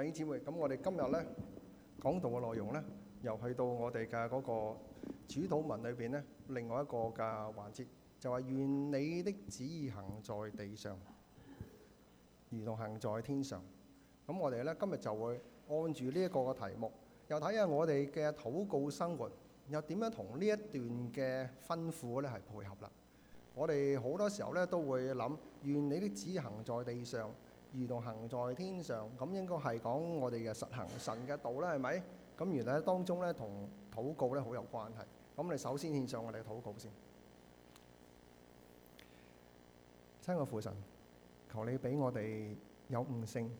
各位姊妹，咁我哋今日咧講道嘅內容咧，又去到我哋嘅嗰個主禱文裏邊咧，另外一個嘅環節就係願你的旨意行在地上，如同行在天上。咁我哋咧今日就會按住呢一個嘅題目，又睇下我哋嘅禱告生活又點樣同呢一段嘅吩咐咧係配合啦。我哋好多時候咧都會諗，願你的旨意行在地上。如同行在天上，咁應該係講我哋嘅實行神嘅道啦，係咪？咁原來，當中咧同禱告咧好有關係。咁我哋首先獻上我哋嘅禱告先。親愛父神，求你俾我哋有悟性、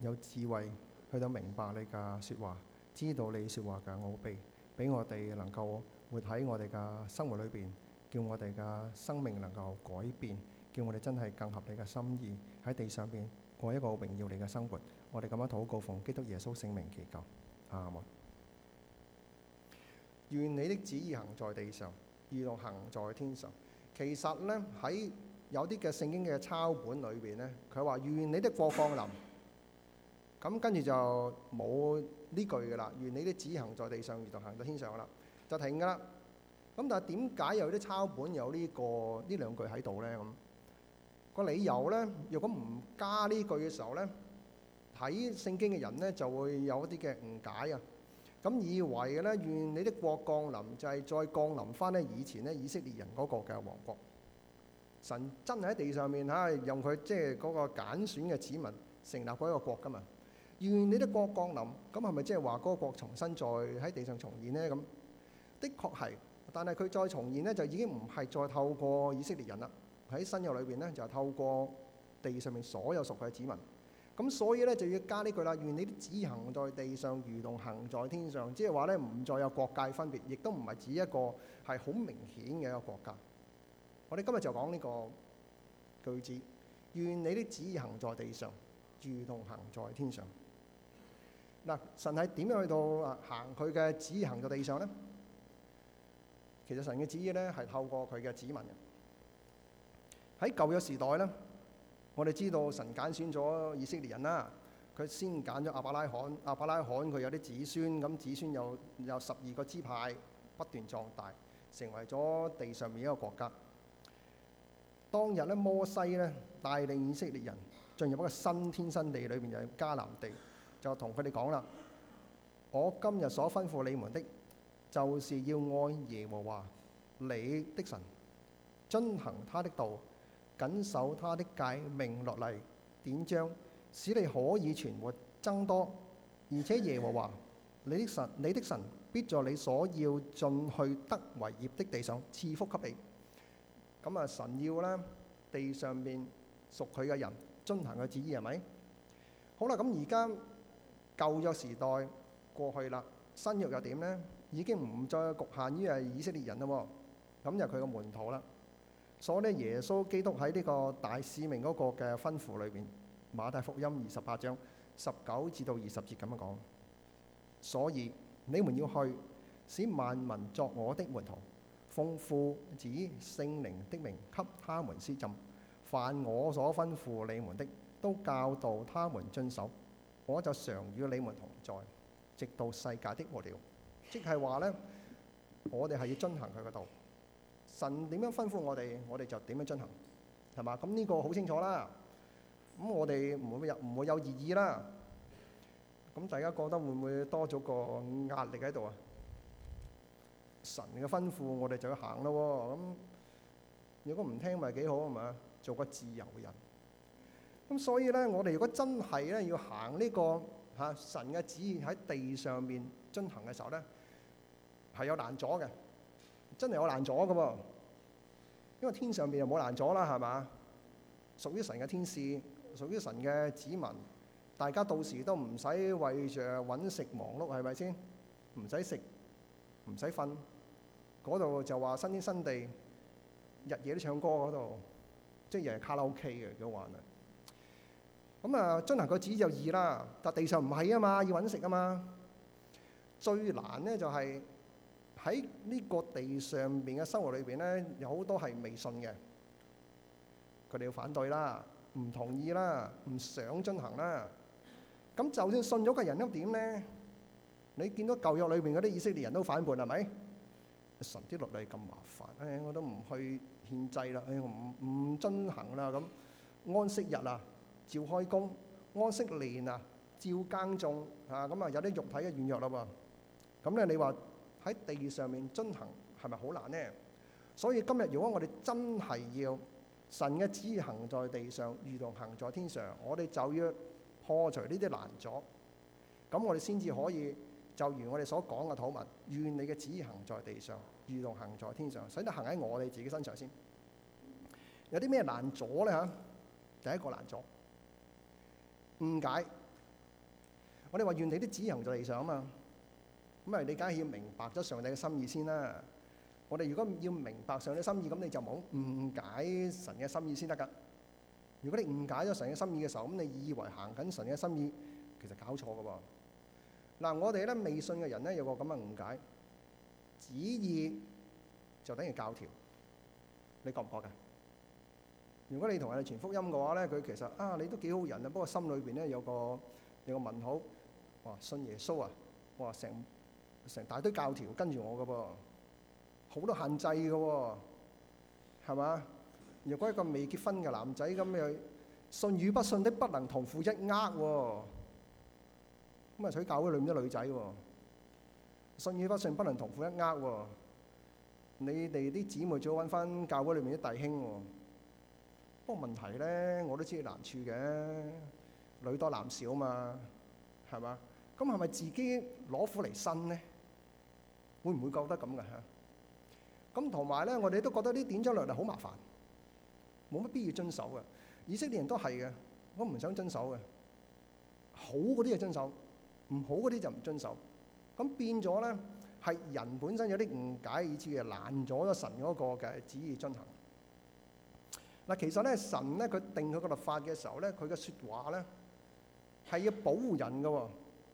有智慧，去到明白你嘅説話，知道你説話嘅奧秘，俾我哋能夠活喺我哋嘅生活裏邊，叫我哋嘅生命能夠改變，叫我哋真係更合你嘅心意喺地上邊。過一個榮耀你嘅生活，我哋咁樣禱告，奉基督耶穌聖名祈求，阿們。願你的旨意行在地上，如同行在天上。其實咧，喺有啲嘅聖經嘅抄本裏邊咧，佢話願你的國降臨，咁跟住就冇呢句噶啦，願你的旨意行在地上，如同行在天上噶啦，就停噶啦。咁但係點解有啲抄本有呢個呢兩句喺度咧咁？個理由咧，若果唔加呢句嘅時候咧，睇聖經嘅人咧就會有一啲嘅誤解啊！咁以為嘅咧，願你的國降臨就係、係、再降臨返咧以前咧以色列人嗰個嘅王國。神真係喺地上面係用佢即係嗰個揀選嘅子民成立嗰一個國㗎嘛？願你的國降臨，咁係咪即係話嗰個國重新再喺地上重現咧？咁的確係，但係佢再重現咧就已經唔係再透過以色列人啦。喺新約裏邊咧，就係透過地上面所有屬佢嘅子民，咁所以咧就要加呢句啦。願你啲旨意行在地上，如同行在天上，即係話咧唔再有國界分別，亦都唔係指一個係好明顯嘅一個國家。我哋今日就講呢個句子：願你啲旨意行在地上，如同行在天上。嗱，神係點樣去到行佢嘅旨意行在地上咧？其實神嘅旨意咧係透過佢嘅子民。喺舊約時代咧，我哋知道神揀選咗以色列人啦。佢先揀咗亞伯拉罕，亞伯拉罕佢有啲子孫，咁子孫又有又十二個支派，不斷壯大，成為咗地上面一個國家。當日咧，摩西咧帶領以色列人進入一個新天新地裏面嘅迦南地，就同佢哋講啦：我今日所吩咐你們的，就是要愛耶和華你的神，遵行他的道。遵守他的誡命落嚟，點將使你可以存活增多，而且耶和華你的神，你的神必在你所要進去得為業的地上賜福給你。咁啊，神要呢，地上面屬佢嘅人遵行佢旨意係咪？好啦，咁而家舊約時代過去啦，新約又點呢？已經唔再局限於係以色列人啦，咁就佢個門徒啦。所以耶穌基督喺呢個大使命嗰個嘅吩咐裏面，《馬太福音》二十八章十九至到二十節咁樣講。所以你們要去，使萬民作我的門徒，奉父子聖靈的名給他們施浸，凡我所吩咐你們的，都教導他們遵守。我就常與你們同在，直到世界的末了。」即係話呢，我哋係要遵行佢嘅道。神點樣吩咐我哋，我哋就點樣進行，係嘛？咁呢個好清楚啦。咁我哋唔會有唔會有異議啦。咁大家覺得會唔會多咗個壓力喺度啊？神嘅吩咐我哋就要行咯。咁如果唔聽咪幾好係嘛？做個自由人。咁所以咧，我哋如果真係咧要行呢、個吓、啊、神嘅旨意喺地上面進行嘅時候咧，係有難阻嘅。真係有難阻噶噃，因為天上邊又冇難阻啦，係嘛？屬於神嘅天使，屬於神嘅子民，大家到時都唔使為着揾食忙碌，係咪先？唔使食，唔使瞓，嗰度就話新天新地，日夜都唱歌嗰度，即係日日卡拉 OK 嘅幾好玩啊！咁啊，真係個旨就易啦，但地上唔係啊嘛，要揾食啊嘛，最難咧就係、是。喺呢個地上邊嘅生活裏邊咧，有好多係未信嘅，佢哋要反對啦，唔同意啦，唔想進行啦。咁就算信咗嘅人都點咧？你見到舊約裏邊嗰啲以色列人都反叛係咪？神啲落嚟咁麻煩，唉，我都唔去獻祭啦，唉，唔唔進行啦，咁安息日啊，照開工；安息年啊，照耕種。啊，咁啊有啲肉體嘅軟弱啦喎。咁咧，你話？喺地上面進行係咪好難呢？所以今日如果我哋真係要神嘅旨意行在地上，如同行在天上，我哋就要破除呢啲難阻，咁我哋先至可以就如我哋所講嘅，禱文願你嘅旨意行在地上，如同行在天上。所以你行喺我哋自己身上先。有啲咩難阻呢？嚇，第一個難阻誤解。我哋話願你啲旨意行在地上啊嘛。咁啊！你梗係要明白咗上帝嘅心意先啦。我哋如果要明白上帝嘅心意，咁你就冇誤解神嘅心意先得噶。如果你誤解咗神嘅心意嘅時候，咁你以為行緊神嘅心意，其實搞錯噶喎。嗱，我哋咧未信嘅人咧有個咁嘅誤解，旨意就等於教條。你覺唔覺噶？如果你同人哋傳福音嘅話咧，佢其實啊，你都幾好人啊，不過心裏邊咧有個有個問號。哇！信耶穌啊！哇！成～成大堆教條，跟住我嘅噃，好多限制嘅喎、哦，係嘛？如果一個未結婚嘅男仔咁又信與不信的不能同負一軛喎、哦，咁啊娶教會裏面啲女仔喎、哦，信與不信不能同負一軛喎、哦，你哋啲姊妹最好揾翻教會裏面啲弟兄喎、哦。不過問題咧，我都知難處嘅，女多男少嘛，係嘛？咁係咪自己攞苦嚟辛咧？會唔會覺得咁嘅嚇？咁同埋咧，我哋都覺得啲典章律例好麻煩，冇乜必要遵守嘅。以色列人都係嘅，我唔想遵守嘅。好嗰啲就遵守，唔好嗰啲就唔遵守。咁變咗咧，係人本身有啲誤解以致嘅難咗啦，神嗰個嘅旨意進行嗱。其實咧，神咧佢定佢個律法嘅時候咧，佢嘅説話咧係要保護人嘅。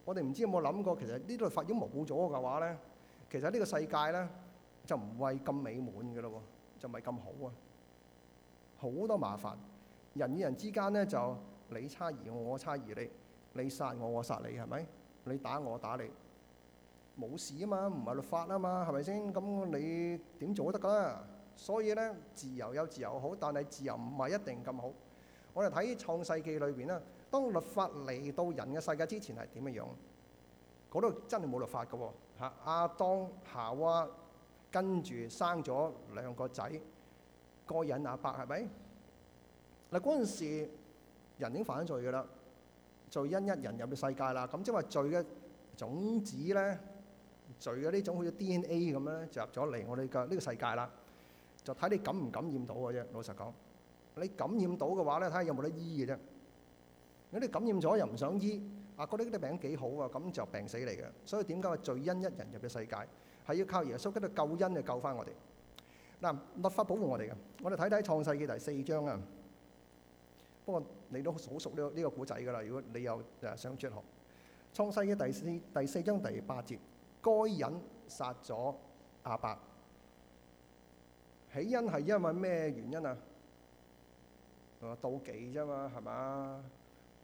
我哋唔知有冇諗過，其實呢個律法如果冇咗嘅話咧？其實呢個世界咧就唔係咁美滿嘅咯，就唔係咁好啊，好多麻煩。人與人之間咧就你差異我，我我差異你，你殺我，我殺你，係咪？你打我，打你，冇事啊嘛，唔係律法啊嘛，係咪先？咁你點做都得啦。所以咧，自由有自由好，但係自由唔係一定咁好。我哋睇創世記裏邊咧，當律法嚟到人嘅世界之前係點樣樣？嗰度真係冇律法嘅喎、啊。嚇！亞當夏娃跟住生咗兩個仔，該隱亞伯係咪？嗱，嗰陣時人已經犯咗罪噶啦，罪因一人入咗世界啦。咁即係話罪嘅種子咧，罪嘅呢種好似 DNA 咁咧，就入咗嚟我哋嘅呢個世界啦。就睇你感唔感染到嘅啫。老實講，你感染到嘅話咧，睇下有冇得醫嘅啫。如果你感染咗又唔想醫。啊！覺得呢啲病幾好啊，咁就病死嚟嘅。所以點解話罪因一人入咗世界，係要靠耶穌喺度救恩就救翻我哋。嗱，律法保護我哋嘅。我哋睇睇創世記第四章啊。不過你都好熟呢個呢個古仔㗎啦。如果你有誒想追學，創世記第四第四章第八節，該隱殺咗亞伯。起因係因為咩原因啊？啊，妒忌啫嘛，係嘛？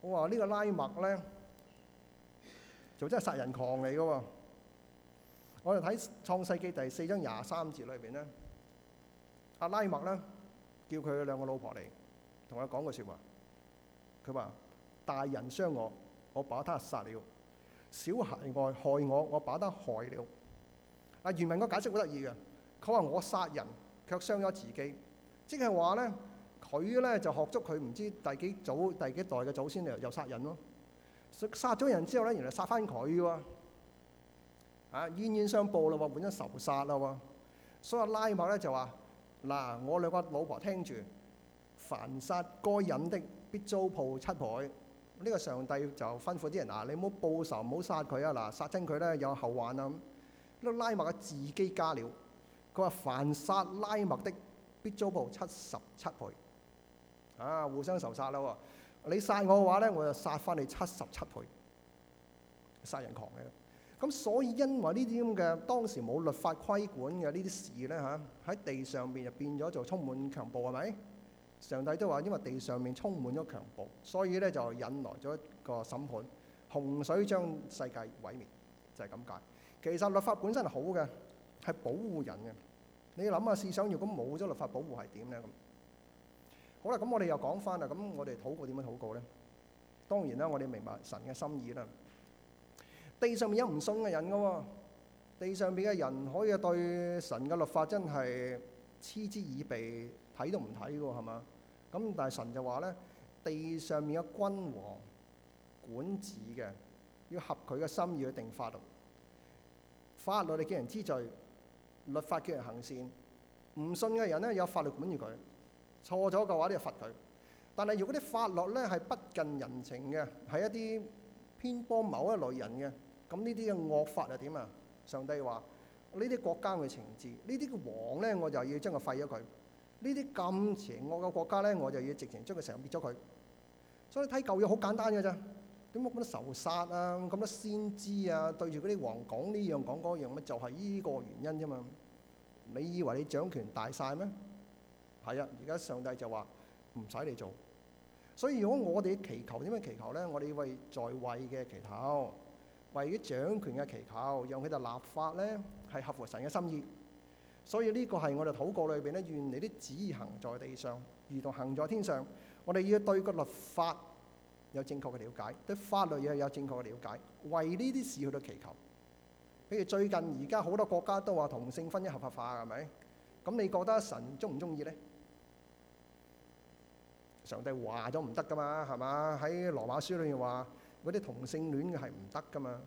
我話呢個拉麥咧，就真係殺人狂嚟嘅啊。我哋睇創世記第四章廿三節裏邊咧，阿拉麥咧叫佢兩個老婆嚟，同佢講個説話。佢話：大人傷我，我把他殺了；小孩外害我，我把他害了。啊，原文個解釋好得意嘅，佢話我殺人卻傷咗自己，即係話咧。佢咧就學足佢唔知第幾祖、第幾代嘅祖先嚟，又殺人咯。殺咗人之後咧，原來殺翻佢喎啊！冤、啊、冤相報啦，喎換咗仇殺啦，喎。所以拉麥咧就話：嗱，我兩個老婆聽住，凡殺該隱的，必遭報七倍。呢、呢個上帝就吩咐啲人：嗱，你唔好報仇，唔好殺佢啊！嗱，殺親佢咧有後患啊咁。拉麥嘅自己加料，佢話：凡殺拉麥的，必遭報七十七倍。啊！互相仇殺啦喎，你殺我嘅話咧，我就殺翻你七十七倍，殺人狂嘅。咁所以因為呢啲咁嘅當時冇律法規管嘅呢啲事咧嚇，喺、啊、地上面就變咗做充滿強暴係咪？上帝都話因為地上面充滿咗強暴，所以咧就引來咗一個審判，洪水將世界毀滅，就係咁解。其實律法本身係好嘅，係保護人嘅。你諗下，試想如果冇咗律法保護係點咧咁？好啦，咁我哋又講翻啦。咁我哋禱告點樣禱告咧？當然啦，我哋明白神嘅心意啦。地上面有唔信嘅人噶喎，地上面嘅人可以對神嘅律法真係嗤之以鼻，睇都唔睇噶喎，係嘛？咁但係神就話咧，地上面嘅君王管治嘅要合佢嘅心意去定法律，法律你叫人知罪，律法叫人行善。唔信嘅人咧，有法律管住佢。錯咗嘅話就罰佢，但係如果啲法律咧係不近人情嘅，係一啲偏幫某一類人嘅，咁呢啲嘅惡法又點啊？上帝話：呢啲國家嘅情節，呢啲嘅王咧，我就要將佢廢咗佢，呢啲咁邪惡嘅國家咧，我就要直情將佢成日滅咗佢。所以睇舊約好簡單嘅咋，點解咁多仇殺啊，咁多先知啊，對住嗰啲王講呢樣講嗰樣，咪就係呢個原因啫嘛。你以為你掌權大晒咩？係啊！而家上帝就話唔使你做，所以如果我哋祈求點樣祈求咧？我哋為在位嘅祈求，為於掌權嘅祈求，讓佢哋立法咧係合乎神嘅心意。所以呢個係我哋祖國裏邊咧，願你啲旨意行在地上，如同行在天上。我哋要對個立法有正確嘅了解，對法律又有正確嘅了解，為呢啲事去到祈求。譬如最近而家好多國家都話同性婚姻合法化係咪？咁你覺得神鍾唔鍾意咧？上帝話咗唔得噶嘛，係嘛？喺羅馬書裏面話，嗰啲同性戀嘅係唔得噶嘛。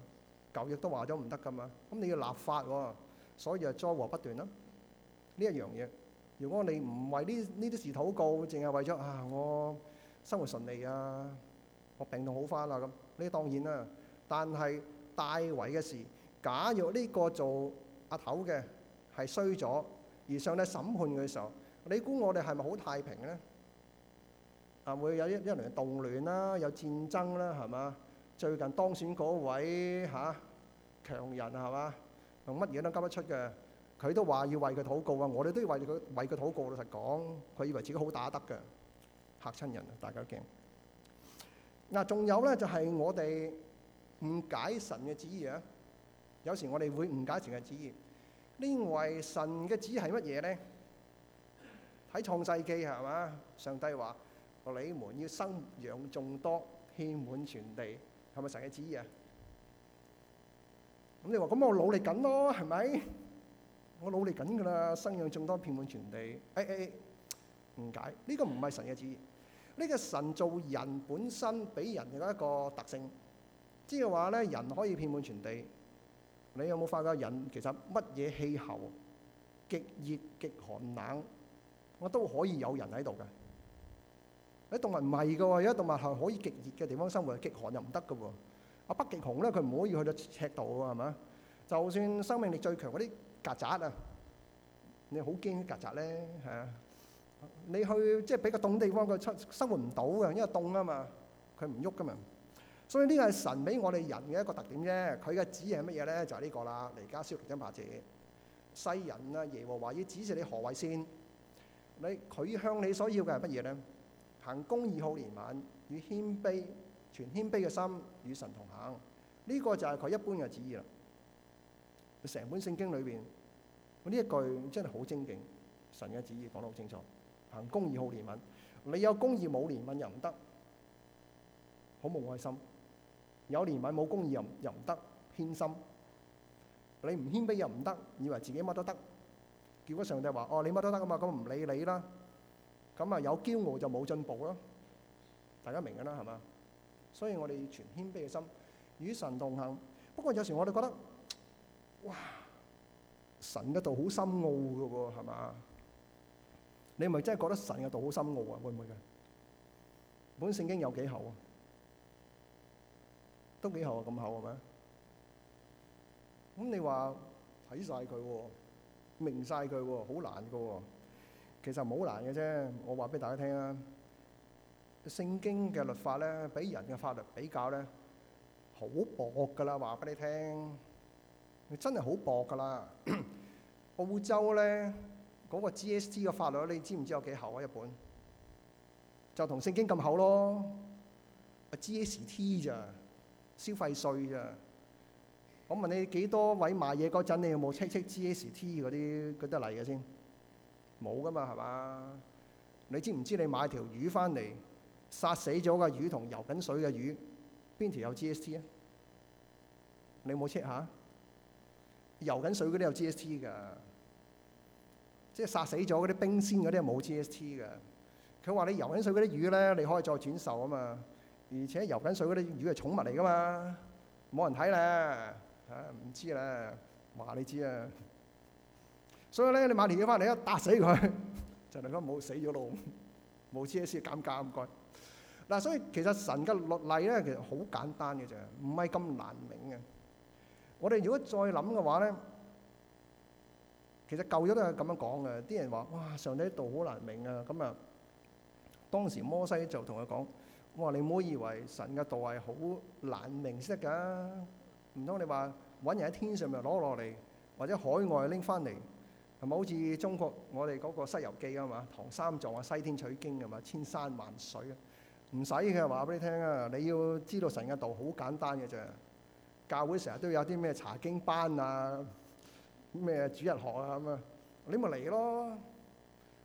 舊約都話咗唔得噶嘛。咁你要立法喎，所以啊，災禍不斷啦。呢一樣嘢，如果你唔為呢呢啲事禱告，淨係為咗啊，我生活順利啊，我病痛好翻啦咁，呢當然啦。但係大衞嘅事，假若呢個做阿頭嘅係衰咗，而上帝審判嘅時候，你估我哋係咪好太平咧？啊！會有一一輪動亂啦，有戰爭啦，係嘛？最近當選嗰位嚇強人係嘛？用乜嘢都交得出嘅，佢都話要為佢禱告啊！我哋都要為佢為佢禱告。老實講，佢以為自己好打得嘅，嚇親人啊！大家都驚。嗱，仲有咧就係我哋誤解神嘅旨意啊！有時我哋會誤解神嘅旨意。呢位，神嘅旨意係乜嘢咧？喺創世記係嘛？上帝話。我，你們要生養眾多，遍滿全地，係咪神嘅旨意啊？咁你話咁我努力緊咯，係咪？我努力緊噶啦，生養眾多，遍滿全地。誒誒，誤解，呢個唔係神嘅旨意。呢個神造人本身，俾人嘅一個特性，即係話咧，人可以遍滿全地。你有冇發覺人其實乜嘢氣候，極熱極寒冷，我都可以有人喺度嘅。啲動物唔係噶喎，有啲動物係可以極熱嘅地方生活，極寒又唔得噶喎。啊，北極熊咧，佢唔可以去到赤道喎，係咪啊？就算生命力最強嗰啲曱甴啊，你好驚曱甴咧嚇！你去即係比較凍嘅地方，佢出生活唔到嘅，因為凍啊嘛，佢唔喐噶嘛。所以呢個係神俾我哋人嘅一個特點啫。佢嘅旨意係乜嘢咧？就係、是、呢個啦。彌迦書六章八節：世人啊，耶和華要指示你何為善？你佢向你所要嘅係乜嘢咧？行公義好憐憫，與謙卑，全謙卑嘅心與神同行，呢、呢個就係佢一般嘅旨意啦。成本聖經裏邊，呢一句真係好精勁，神嘅旨意講得好清楚。行公義好憐憫，你有公義冇憐憫又唔得，好冇愛心；有憐憫冇公義又又唔得，偏心。你唔謙卑又唔得，以為自己乜都得，結果上帝話：哦，你乜都得噶嘛，咁唔理你啦。咁啊有驕傲就冇進步咯，大家明㗎啦，係嘛？所以我哋存謙卑嘅心，與神同行。不過有時我哋覺得，哇！神嘅道好深奧㗎喎，係嘛？你咪真係覺得神嘅道好深奧啊？會唔會㗎？本聖經有幾厚啊？都幾厚啊？咁厚係咪啊？咁你話睇晒佢喎，明晒佢喎，好難㗎喎。其實冇好難嘅啫，我話俾大家聽啊！聖經嘅律法咧，比人嘅法律比較咧，好薄噶啦，話俾你聽，你真係好薄噶啦！ 澳洲咧嗰個 GST 嘅法律，你知唔知有幾厚啊？一本就同聖經咁厚咯，GST 咋消費稅咋？我問你幾多位買嘢嗰陣，你有冇 check check GST 嗰啲嗰啲嚟嘅先？冇㗎嘛，係嘛？你知唔知你買條魚返嚟殺死咗嘅魚同游緊水嘅魚邊條有 GST 啊？你冇 check 下？游緊水嗰啲有 GST 㗎，即係殺死咗嗰啲冰鮮嗰啲係冇 GST 㗎。佢話你游緊水嗰啲魚咧，你可以再轉售啊嘛。而且游緊水嗰啲魚係寵物嚟㗎嘛，冇人睇啦，吓唔知啦，話你知啊。所以咧，你買條嘢翻嚟咧，打死佢就嚟啦！冇死咗咯，冇車先減價咁該嗱。所以其實神嘅律例咧，其實好簡單嘅啫，唔係咁難明嘅。我哋如果再諗嘅話咧，其實舊咗都係咁樣講嘅。啲人話：哇，上帝嘅道好難明啊！咁啊，當時摩西就同佢講：我話你唔好以為神嘅道係好難明先得㗎，唔通你話揾人喺天上咪攞落嚟，或者海外拎翻嚟？好似中國，我哋嗰個《西遊記》啊嘛，唐三藏啊，西天取經啊嘛，千山萬水啊，唔使嘅話，俾你聽啊，你要知道神嘅道好簡單嘅啫。教會成日都有啲咩查經班啊，咩主日學啊咁啊，你咪嚟咯。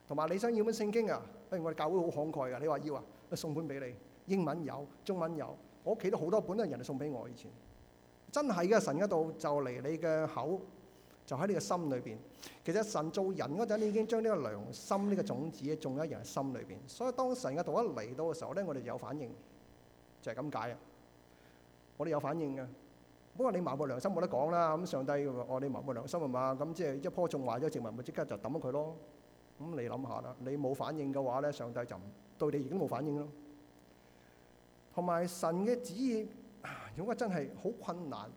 同埋你想要本聖經啊，不如我哋教會好慷慨啊，你話要啊，送本俾你，英文有，中文有，我屋企都好多本啦，人哋送俾我以前。真係嘅，神嘅道就嚟你嘅口。就喺呢個心裏邊，其實神造人嗰陣，你已經將呢個良心呢個種子種喺人嘅心裏邊。所以當神嘅道一嚟到嘅時候咧，我哋有反應，就係咁解啊！我哋有反應嘅，不過你麻木良心冇得講啦。咁上帝話：我哋麻木良心啊嘛，咁即係一樖種壞咗植物，咪即刻就抌咗佢咯。咁你諗下啦，你冇反應嘅話咧，上帝就對你已經冇反應咯。同埋神嘅旨意，如果真係好困難，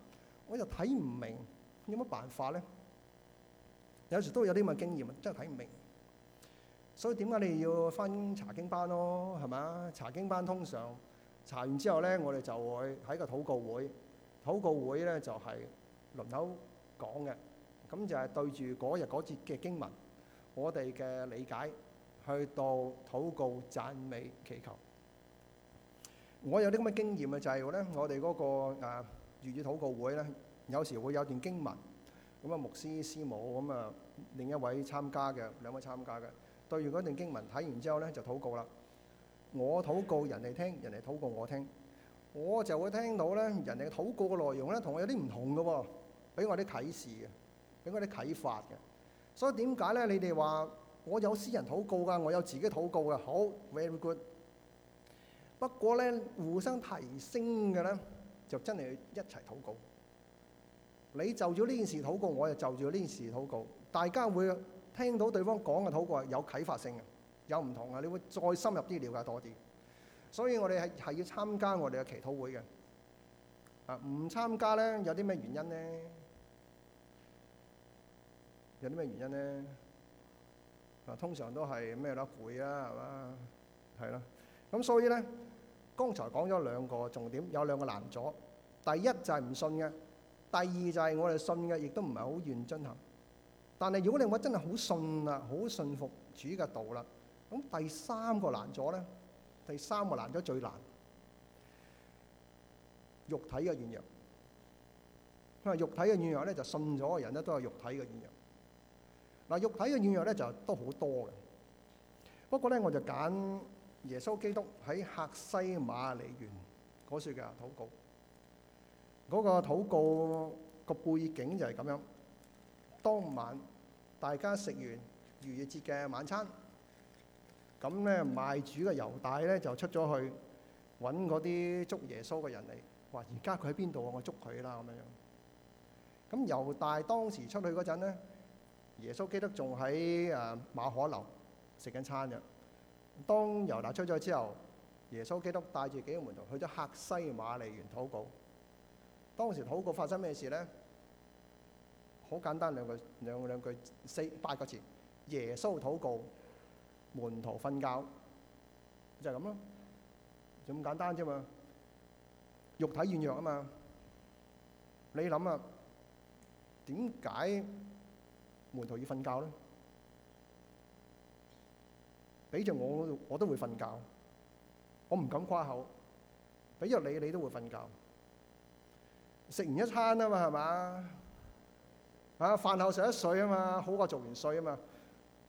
我又睇唔明，有乜辦法咧？有時都會有啲咁嘅經驗，真係睇唔明，所以點解你要翻查經班咯？係咪啊？查經班通常查完之後咧，我哋就會喺個禱告會，禱告會咧就係輪口講嘅，咁就係對住嗰日嗰節嘅經文，我哋嘅理解去到禱告、讚美、祈求。我有啲咁嘅經驗啊，就係咧，我哋嗰個誒粵語禱告會咧，有時會有段經文。咁啊、嗯，牧師、師母，咁、嗯、啊，另一位參加嘅，兩位參加嘅，對完嗰段經文睇完之後咧，就禱告啦。我禱告人哋聽，人哋禱告我聽，我就會聽到咧，人哋嘅禱告嘅內容咧，同我有啲唔同嘅喎、哦，俾我啲啟示嘅，俾我啲啟發嘅。所以點解咧？你哋話我有私人禱告㗎，我有自己禱告嘅。好 very good。不過咧，互相提升嘅咧，就真係一齊禱告。你就住呢件事禱告，我就就住呢件事禱告。大家會聽到對方講嘅禱告係有啟發性嘅，有唔同啊，你會再深入啲瞭解多啲。所以我哋係係要參加我哋嘅祈禱會嘅。啊，唔參加咧，有啲咩原因咧？有啲咩原因咧？啊，通常都係咩啦？攰啊，係嘛？係啦。咁所以咧，剛才講咗兩個重點，有兩個難阻。第一就係唔信嘅。第二就係我哋信嘅，亦都唔係好願進行。但係如果你話真係好信啦，好信服主嘅道啦，咁第三個難咗咧，第三個難咗最難，肉體嘅軟弱。啊，肉體嘅軟弱咧，就信咗嘅人咧，都有肉體嘅軟弱。嗱，肉體嘅軟弱咧就都好多嘅。不過咧，我就揀耶穌基督喺客西馬尼園嗰説嘅禱告。嗰個禱告個背景就係咁樣。當晚大家食完逾越節嘅晚餐，咁咧賣主嘅猶大咧就出咗去揾嗰啲捉耶穌嘅人嚟。哇！而家佢喺邊度啊？我捉佢啦咁樣。咁猶大當時出去嗰陣咧，耶穌基督仲喺誒馬可樓食緊餐啫。當猶大出咗之後，耶穌基督帶住幾個門徒去咗客西馬尼園禱告。當時禱告發生咩事咧？好簡單兩句，兩兩句四八個字：耶穌禱告，門徒瞓覺就係咁咯，就咁簡單啫嘛。肉體軟弱啊嘛，你諗啊，點解門徒要瞓覺咧？俾着我，我都會瞓覺，我唔敢誇口；俾着你，你都會瞓覺。食完一餐啊嘛，係嘛？啊，飯後食一水啊嘛，好過做完水啊嘛。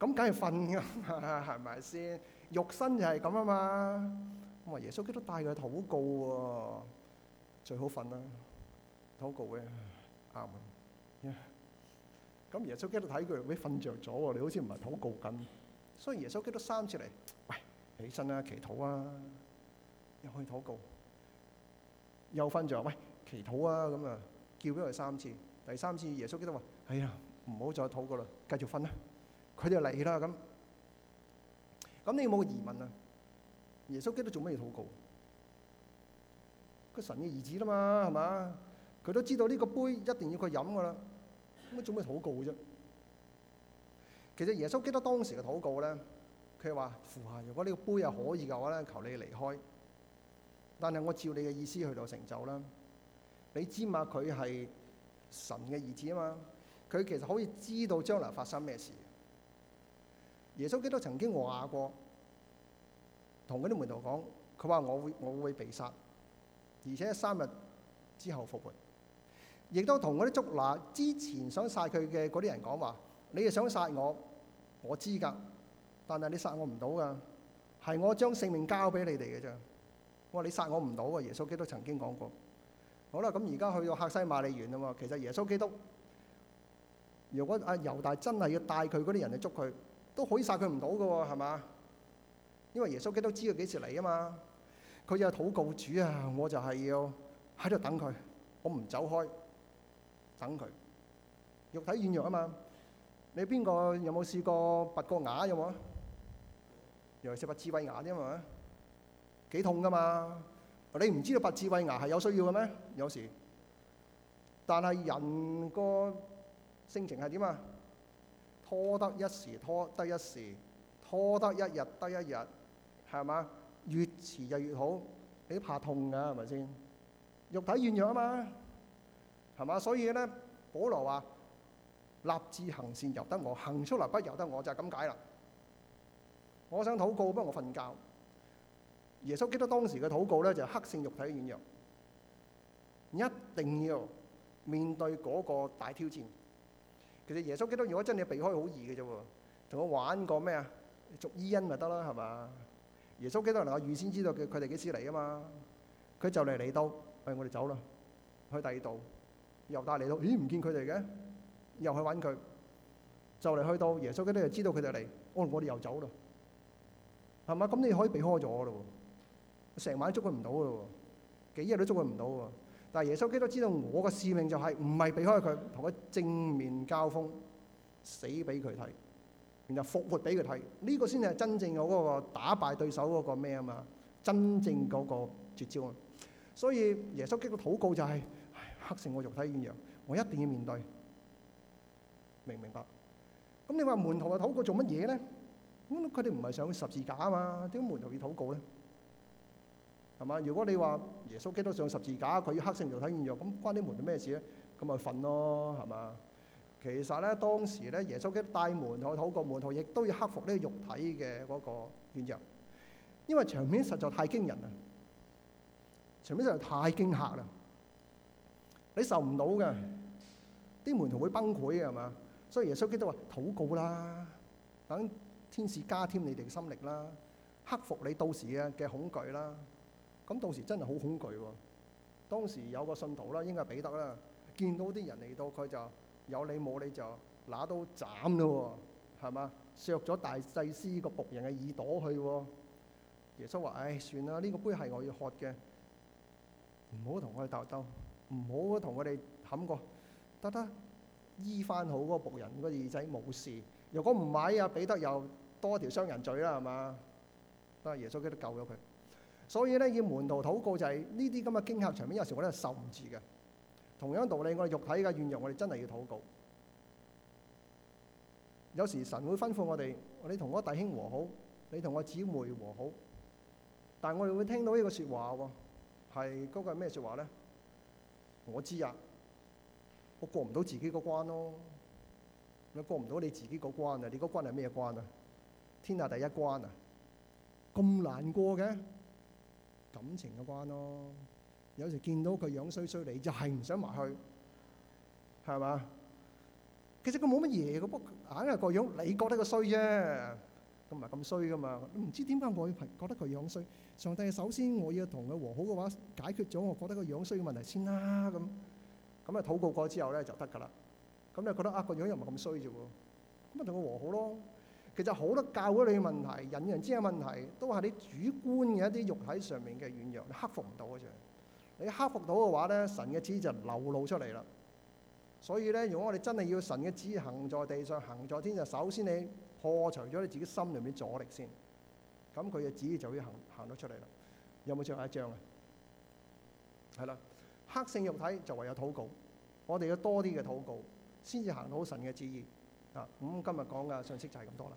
咁梗係瞓㗎嘛，係咪先？ 肉身就係咁啊嘛。咁、啊、話耶穌基督帶佢禱告喎、啊，最好瞓啦、啊，禱告嘅啱。咁、啊啊、Yeah. 耶穌基督睇佢瞓着咗喎，你好似唔係禱告緊。所以耶穌基督三次嚟，喂，起身啦、啊，祈禱啊，又去禱告。又瞓着，喂。祈禱啊，咁啊，叫咗佢三次，第三次耶穌基督話：哎呀的，唔好再禱告啦，繼續瞓啦。佢就嚟啦咁。咁你有冇疑問啊？耶穌基督做咩禱告？佢神嘅兒子啦嘛，係嘛？佢都知道呢個杯一定要佢飲噶啦，咁做咩禱告啫？其實耶穌基督當時嘅禱告咧，佢係話：父下，如果呢個杯係可以嘅話咧，求你離開。但係我照你嘅意思去到成就啦。你知嘛？佢係神嘅兒子啊嘛！佢其實可以知道將來發生咩事。耶穌基督曾經話過，同嗰啲門徒講：佢話我會我會被殺，而且三日之後復活。亦都同嗰啲捉拿之前想殺佢嘅嗰啲人講話：你哋想殺我，我知㗎，但係你殺我唔到㗎，係我將性命交俾你哋嘅啫。我話你殺我唔到啊！耶穌基督曾經講過。好啦，咁而家去到客西馬利園啦喎。其實耶穌基督，如果阿猶大真係要帶佢嗰啲人嚟捉佢，都可以殺佢唔到噶喎，係嘛？因為耶穌基督知佢幾時嚟啊嘛。佢就係禱告主啊，我就係要喺度等佢，我唔走開，等佢。肉體軟弱啊嘛。你邊個有冇試過拔過牙有冇啊？尤其係拔智慧牙啫嘛，幾痛噶嘛。你唔知道拔智慧牙係有需要嘅咩？有時，但係人個性情係點啊？拖得一時拖得一時，拖得一日得一日，係嘛？越遲就越好，你怕痛噶，係咪先？肉體軟弱啊嘛，係嘛？所以咧，保羅話：立志行善由得我，行出嚟，不由得我，就係咁解啦。我想禱告，不過我瞓覺。耶穌基督當時嘅禱告咧，就黑性肉體軟弱。一定要面對嗰個大挑戰。其實耶穌基督如果真係避開好易嘅啫喎，同我玩個咩啊？捉伊恩咪得啦，係嘛？耶穌基督能夠預先知道佢佢哋幾時嚟啊嘛？佢就嚟嚟到，哎，我哋走啦，去第二度。又帶嚟到，咦，唔見佢哋嘅，又去揾佢。就嚟去到，耶穌基督又知道佢哋嚟，哦，我哋又走啦，係嘛？咁你可以避開咗啦喎，成晚捉佢唔到啦喎，幾日都捉佢唔到喎。但係耶穌基督知道我嘅使命就係唔係避開佢，同佢正面交鋒，死俾佢睇，然後復活俾佢睇，呢個先係真正嘅嗰個打敗對手嗰個咩啊嘛，真正嗰個絕招啊！所以耶穌基督嘅禱告就係：唉，黑城我肉體軟弱，我一定要面對，明唔明白？咁你話門徒嘅禱告做乜嘢咧？咁佢哋唔係想十字架啊嘛？點解門徒要禱告咧？係嘛？如果你話耶穌基督上十字架，佢要克服肉體軟弱，咁關啲門徒咩事咧？咁咪瞓咯，係嘛？其實咧，當時咧，耶穌基督帶門徒禱告門，門徒亦都要克服呢個肉體嘅嗰個軟弱，因為場面實在太驚人啦，場面實在太驚嚇啦，你受唔到㗎，啲門徒會崩潰㗎，係嘛？所以耶穌基督話禱告啦，等天使加添你哋嘅心力啦，克服你到時嘅嘅恐懼啦。咁到時真係好恐懼喎、哦！當時有個信徒啦，應該係彼得啦，見到啲人嚟到，佢就有你冇你就拿刀斬咯喎、哦，係嘛？削咗大祭司個僕人嘅耳朵去、哦。耶穌話：，唉、哎，算啦，呢、這個杯係我要喝嘅，唔好同佢哋鬥鬥，唔好同佢哋冚過，得得，醫翻好嗰個僕人個耳仔，冇事。如果唔買啊，彼得又多條傷人罪啦，係嘛？但係耶穌佢都救咗佢。所以咧要門徒禱告就係呢啲咁嘅驚嚇場面，有時我都係受唔住嘅。同樣道理，我哋肉體嘅軟弱，我哋真係要禱告。有時神會吩咐我哋：，你同我弟兄和好，你同我姊妹和好。但係我哋會聽到個說、那個、說呢個説話喎，係嗰個係咩説話咧？我知啊，我過唔到自己個關咯，你過唔到你自己個關啊？你個關係咩關啊？天下第一關啊，咁難過嘅。感情嘅關咯，有時見到佢樣衰衰，你就係唔想埋去，係嘛？其實佢冇乜嘢，不過硬係個樣，你覺得佢衰啫，咁唔係咁衰噶嘛？唔知點解我覺得佢樣衰，上帝首先我要同佢和好嘅話，解決咗我覺得個樣衰嘅問題先啦，咁咁啊，禱告過之後咧就得㗎啦，咁你覺得啊個樣又唔係咁衰啫喎，咁咪同佢和好咯。其實好多教會裏問題、人與人之間問題，都係你主觀嘅一啲肉體上面嘅軟弱，你克服唔到嘅啫。你克服到嘅話咧，神嘅旨意就流露出嚟啦。所以咧，如果我哋真係要神嘅旨意行在地上、行在天上，就首先你破除咗你自己心裏面阻力先，咁佢嘅旨意就會行行到出嚟啦。有冇上下一張啊？係啦，黑性肉體就唯有禱告，我哋要多啲嘅禱告，先至行到神嘅旨意。啊，咁今日講嘅信息就係咁多啦。